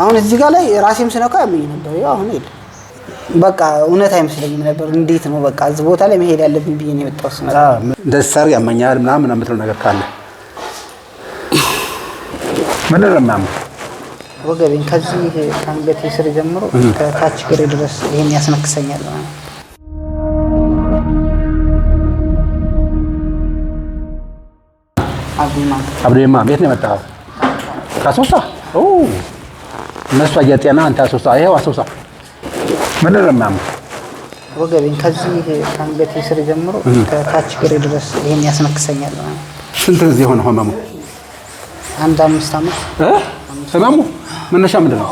አሁን እዚህ ጋር ላይ ራሴም ስነካ ያመኝ ነበር። አሁን ሄድ በቃ እውነት አይመስለኝም ነበር። እንዴት ነው በቃ እዚህ ቦታ ላይ መሄድ ያለብኝ ብዬ ነው የመጣሁት። ስ እንደዚህ ያመኛል ምናምን የምትለው ነገር ካለ ምን ለማም ወገቤን ከዚህ ከአንገቴ ስር ጀምሮ ከታች ግሬ ድረስ ይሄን ያስነክሰኛል። አብዱልማም አብዱልማም የት ነው የመጣኸው? ካሶሳ እነሱ የጤና አንተ አሶሳ ይሄው አሶሳ ምን ለማም ወገቤን ከዚህ አንገቴ ስር ጀምሮ ከታች ግሬ ድረስ ይሄን ያስነክሰኛል። ስንት ጊዜ ሆነ ህመሙ? አንድ አምስት አመት እ ህመሙ መነሻ ምንድን ነው?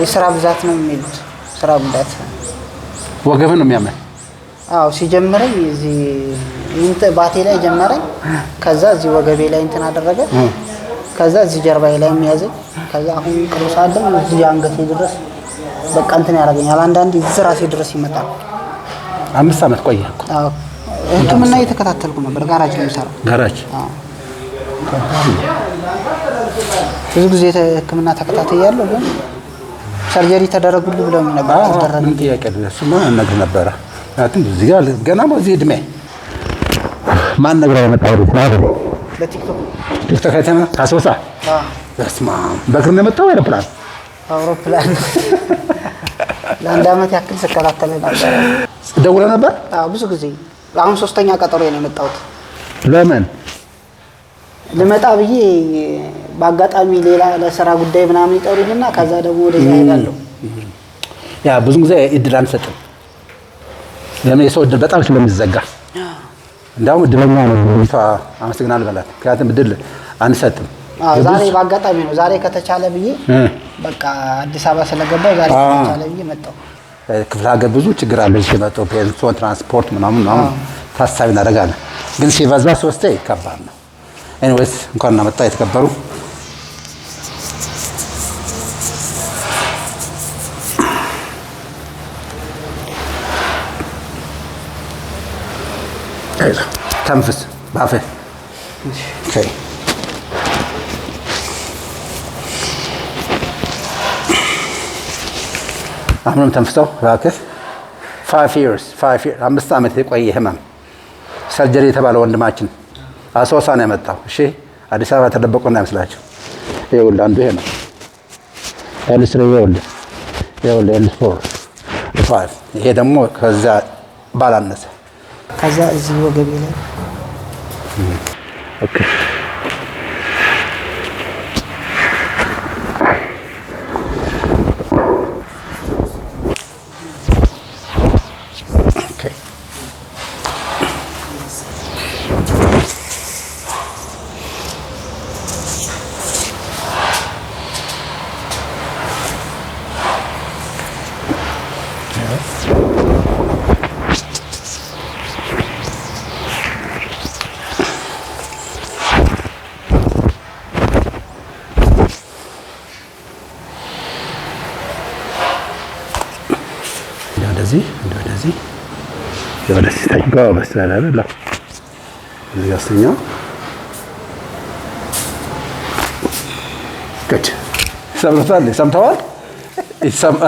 የስራ ብዛት ነው የሚሉት። ስራ ብዛት ወገብን ነው የሚያመን። አዎ ሲጀምረኝ እዚህ ባቴ ላይ ጀመረኝ። ከዛ እዚህ ወገቤ ላይ እንትን አደረገ። ከዛ እዚህ ጀርባ ላይ የሚያዘኝ ከዛ አሁን ቅዱስ ሰዓት ደግሞ እዚህ አንገቴ ድረስ በቃ እንትን ያደርገኛል። አንዳንዴ እዚህ ራሴ ድረስ ይመጣል። አምስት ዓመት ቆየ። ህክምና እየተከታተልኩ ነበር። ጋራጅ ነው የሚሰራው። ጋራጅ ብዙ ጊዜ ሕክምና ተከታተያለሁ፣ ግን ሰርጀሪ ተደረጉልኝ ብለው ነበር። አልተደረገም። ጥያቄ እሱማ እነግርህ ነበረ። ምክንያቱም እዚህ ጋር ገና በዚህ ዕድሜ ማን ነግረው የመጣ ለቲክቶክ ዶክተር ከተማ ካሶሳ ስማ በእግር ነው የመጣው አይሮፕላን አውሮፕላን ለአንድ አመት ያክል ስከታተል ነበር። ደውለ ነበር? አዎ ብዙ ጊዜ። አሁን ሶስተኛ ቀጠሮ ነው የመጣሁት። ለምን ልመጣ ብዬ በአጋጣሚ ሌላ ለስራ ጉዳይ ምናምን ይጠሩኝና ከዛ ደግሞ ወደዛ ሄዳለሁ። ያ ብዙ ጊዜ እድል አንሰጥም። ለምን የሰው እድል በጣም ስለሚዘጋ እንዳውም እድለኛ ነው ቷ አመስግናል በላት። ምክንያቱም እድል አንሰጥም። ዛሬ በአጋጣሚ ነው ዛሬ ከተቻለ ብዬ በቃ አዲስ አበባ ስለገባው ዛሬ ከተቻለ ብዬ መጣው። ክፍለ ሀገር ብዙ ችግር አለ። ሲመጣው ፔንሶን ትራንስፖርት ምናምን ምናምን ታሳቢ እናደርጋለን። ግን ሲበዛ ሶስቴ ከባድ ነው። ኤኒዌይስ እንኳን እናመጣ የተከበሩ ተንፍስ ባፈ አሁንም ተንፍሰው እባክህ። አምስት ዓመት የቆየ ህመም ሰርጀሪ የተባለ ወንድማችን አሶሳ ነው የመጣው። እሺ አዲስ አበባ ተደበቁ እንዳይመስላቸው። ይኸውልህ አንዱ ይሄ ነው። ኤልስ ስሪ ይኸውልህ፣ ይኸውልህ ኤል ፎር ፋይቭ። ይሄ ደግሞ ከዛ ባላነሰ ከዛ እዚህ ወገቤ ላይ እንደዚህ እንደዚህ የሆነ ሲስተኛ መስላል አይደለም። እዚህ አስተኛ ከች ሰምተዋል ሰምተዋል ይሰማ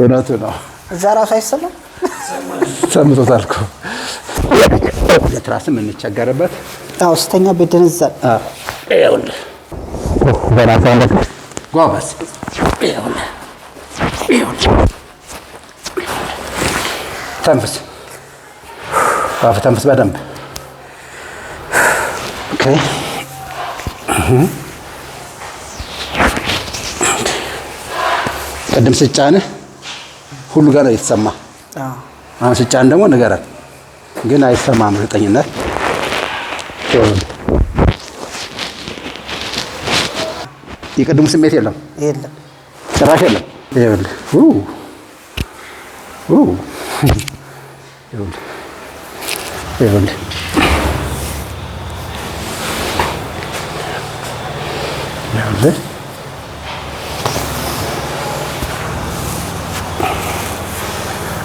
እውነቱ ነው። እዛ ራሱ አይሰማም። ሰምቶታል እኮ ለትራስም እንቸገርበት። አዎ ስተኛ በደንዛል። አዎ ይኸውልህ ጎበዝ ተንፍስ፣ በአፍህ ተንፍስ በደንብ ቅድም ስጫንህ ሁሉ ጋር ነው የተሰማ። አሁን ስጫን ደግሞ ንገረን፣ ግን አይሰማም እርግጠኝነት የቅድሙ ስሜት የለም፣ ጭራሽ የለም። ይኸውልህ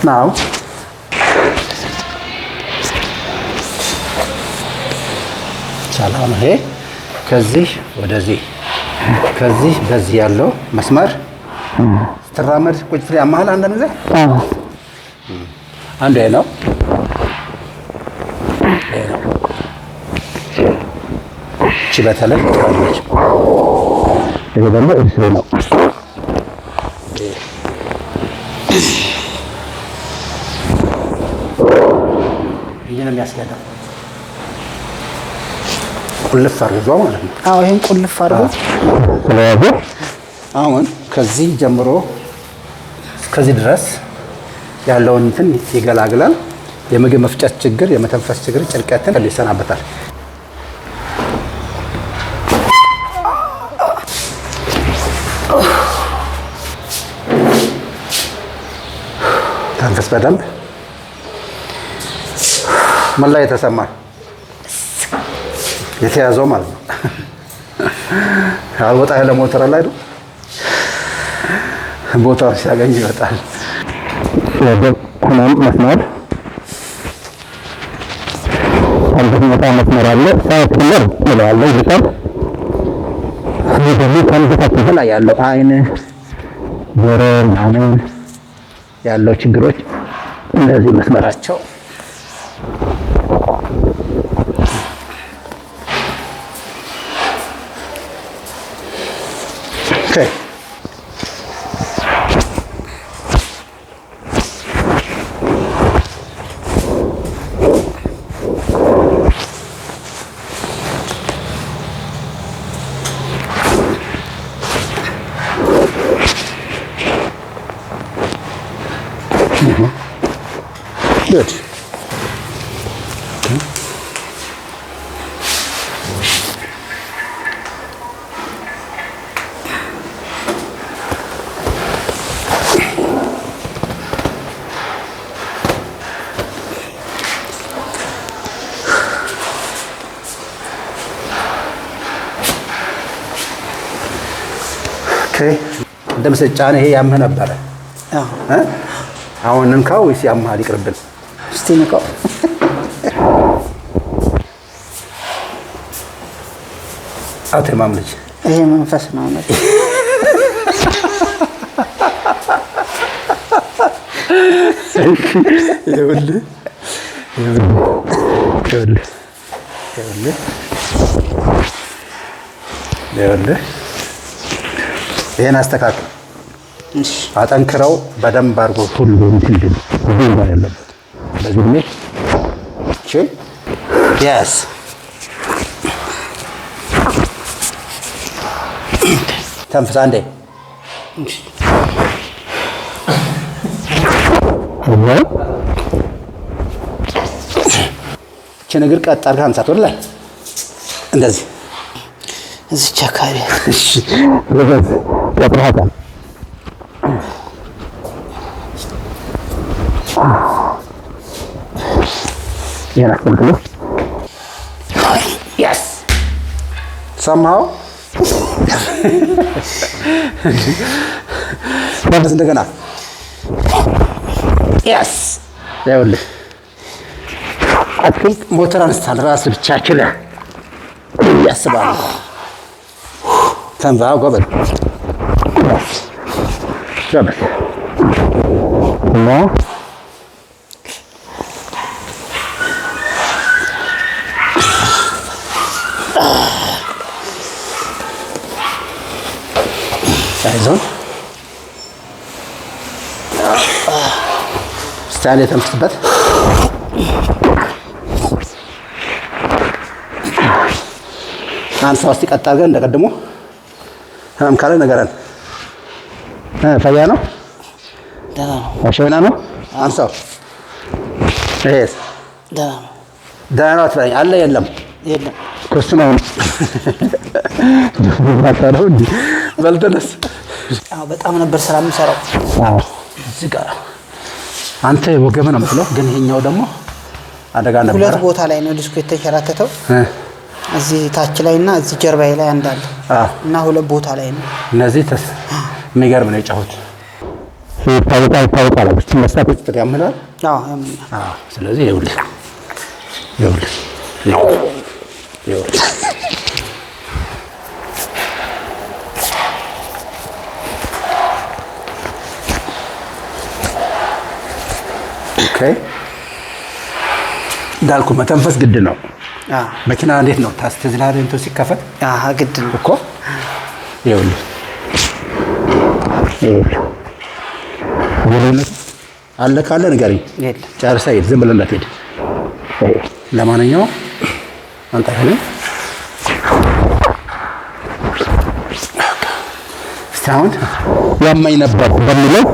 ናው ሰላም። ይሄ ከዚህ ወደዚህ ከዚህ በዚህ ያለው መስመር ስትራመድ ቁጭ ፍሬ አንድ አንዳንድ ጊዜ አንዱ ነው እቺ በተለይ ትራመድ ይሄ ደግሞ እርስ ነው ይሄን የሚያስገዳው ቁልፍ አርግዟ ማለት ነው። አዎ ቁልፍ አርግዟ ስለያዘ አሁን ከዚህ ጀምሮ እስከዚህ ድረስ ያለውን እንትን ይገላግላል። የምግብ መፍጨት ችግር፣ የመተንፈስ ችግር፣ ጭንቀትን ይሰናበታል። ተንፈስ በደንብ ላይ የተሰማ የተያዘው ማለት ነው። አልወጣ ያለ ሞተር ላይ ነው ቦታውን ሲያገኝ ይወጣል። ሆናም መስመር መስመር አለ ያለው አይን ጆሮ ምናምን ያለው ችግሮች እነዚህ መስመራቸው good. Okay. እንደምስጫ ይሄ ያምህ ነበረ። አሁን እንካው ወይስ ያምሃል? ይቅርብን እስቲ ንቀው። አቶ ልጅ ይሄ መንፈስ ነው ነው ይሄን አስተካክል፣ አጠንክረው በደንብ አድርጎ ሁሉ ያለበት በዚህ ሁኔታ እቺ ያስ ተንፍሳ እንዴ እቺ ነገር ቀጥ አድርገህ አንሳት ወደ ላይ እንደዚህ እዚች አካባቢ እሺ ያላፈልግነው ሰማው ስ እንደገና ያስ ይኸውልህ አትክልት ሞተር አንስታል ራስ ብቻ ችለህ ያስባል ተንባ ጎበዝ እና ስትይዘው ስታይል የተንፍስበት አንድ ውስጥ ይቀጣል። ግን አድርገን እንደቀድሞ ህመም ካለ ነገረን። ፈያ ነው ሸና ነው አንሳው ይሄስ ደህና ነው አትበለኝ። አለ የለም ኩስ ኩርስ ነው በልተነስ በጣም ነበር ስራ የምሰራው እዚህ ጋር አንተ ወገብ ነው የምትለው፣ ግን ይሄኛው ደግሞ አደጋ ነበር። ሁለት ቦታ ላይ ነው ዲስኩ የተሸራተተው፣ እዚህ ታች ላይ እና እዚህ ጀርባዬ ላይ አንዳለ እና ሁለት ቦታ ላይ ነው። እነዚህ ተስ የሚገርም ነው የጫሁት ይታወቃ ይታወቃ ች መስራት ቁጭ ያምላል። ስለዚህ ይኸውልህ ይኸውልህ ይኸውልህ ኦኬ እንዳልኩ መተንፈስ ግድ ነው። መኪና እንዴት ነው ታስተዝላለ እንትን ሲከፈት ግድ ነው እኮ ይኸውልህ አለ ካለ ንገረኝ። ጨርሰህ ሂድ፣ ዝም ብለህ እንዳትሄድ። ለማንኛውም አንተ እስቲ አሁን ነበር በሚለው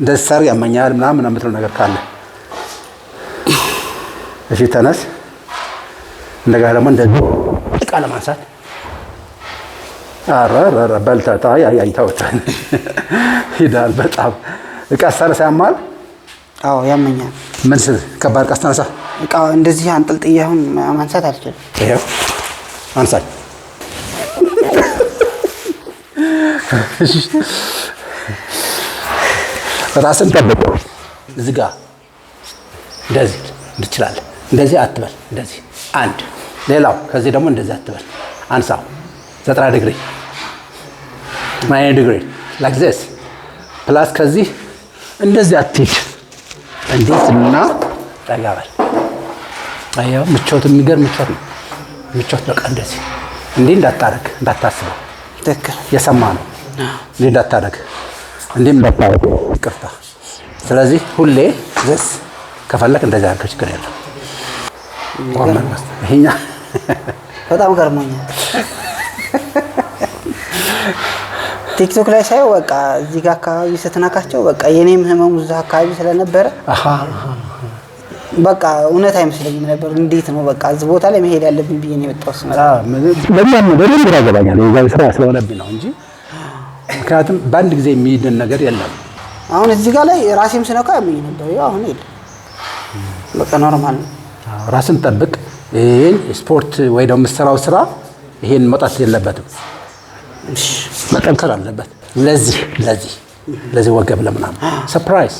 እንደዚህ ሳር ያመኛል ምናምን የምትለው ነገር ካለ እሺ ተነስ። እንደገና ደግሞ እንደዚህ እቃ ለማንሳት ኧረ ኧረ በልተህ አይ አይ ተውተህ ሂዳል። በጣም እቃ ስታነሳ ያማል። አዎ ያመኛል። ምን ስል ከባድ እቃ ስታነሳ እቃ እንደዚህ አንጠልጥዬ አሁን ማንሳት አልችልም። ይኸው አንሳኝ ራስን ጠብቀው ዝጋ። እንደዚህ ትችላለህ። እንደዚህ አትበል። እንደዚህ አንድ ሌላው ከዚህ ደግሞ እንደዚህ አትበል። አንሳው ዘጠና ዲግሪ ናይን ዲግሪ ላይክ ዚስ ፕላስ ከዚህ እንደዚህ አትሄድ። እንዴት እና ጠጋበል አያ ምቾት የሚገርም ምቾት ነው። ምቾት በቃ እንደዚህ እንዲህ እንዳታረግ እንዳታስበው፣ ትክክል የሰማ ነው። እንዲህ እንዳታረግ እንዲህም በባው ይቅርታ። ስለዚህ ሁሌ ዘስ ከፈለክ እንደዚህ አድርገው ችግር የለም። ይሄኛ በጣም ገርሞኛል። ቲክቶክ ላይ ሳየው በቃ እዚህ ጋር አካባቢ ስትነካቸው በቃ የኔም ህመሙ እዛ አካባቢ ስለነበረ በቃ እውነት አይመስለኝም ነበር። እንዴት ነው በቃ እዚህ ቦታ ላይ መሄድ ያለብኝ ብዬ ነው የመጣሁት። ስመጣ በደንብ ያገባኛል የዛ ስራ ስለሆነብኝ ነው እንጂ ምክንያቱም በአንድ ጊዜ የሚሄድን ነገር የለም። አሁን እዚህ ጋር ላይ ራሴም ስነካ የሚሄድ ነበር፣ አሁን የለም። በቃ ኖርማል ነው። ራስን ጠብቅ። ይህን ስፖርት ወይ ደግሞ የምትሰራው ስራ ይሄን መውጣት የለበትም፣ መጠንከር አለበት። ለዚህ ለዚህ ለዚህ ወገብ ለምናምን ሰርፕራይዝ